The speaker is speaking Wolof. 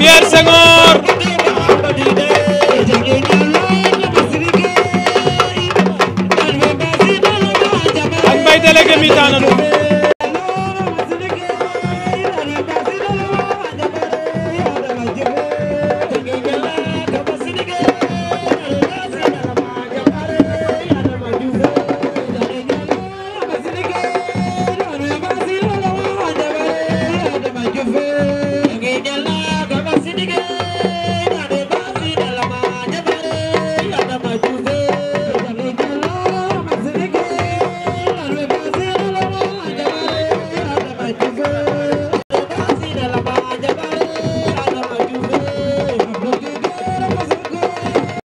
Pierre Senghor ak Mbaye délégué mi taa nañu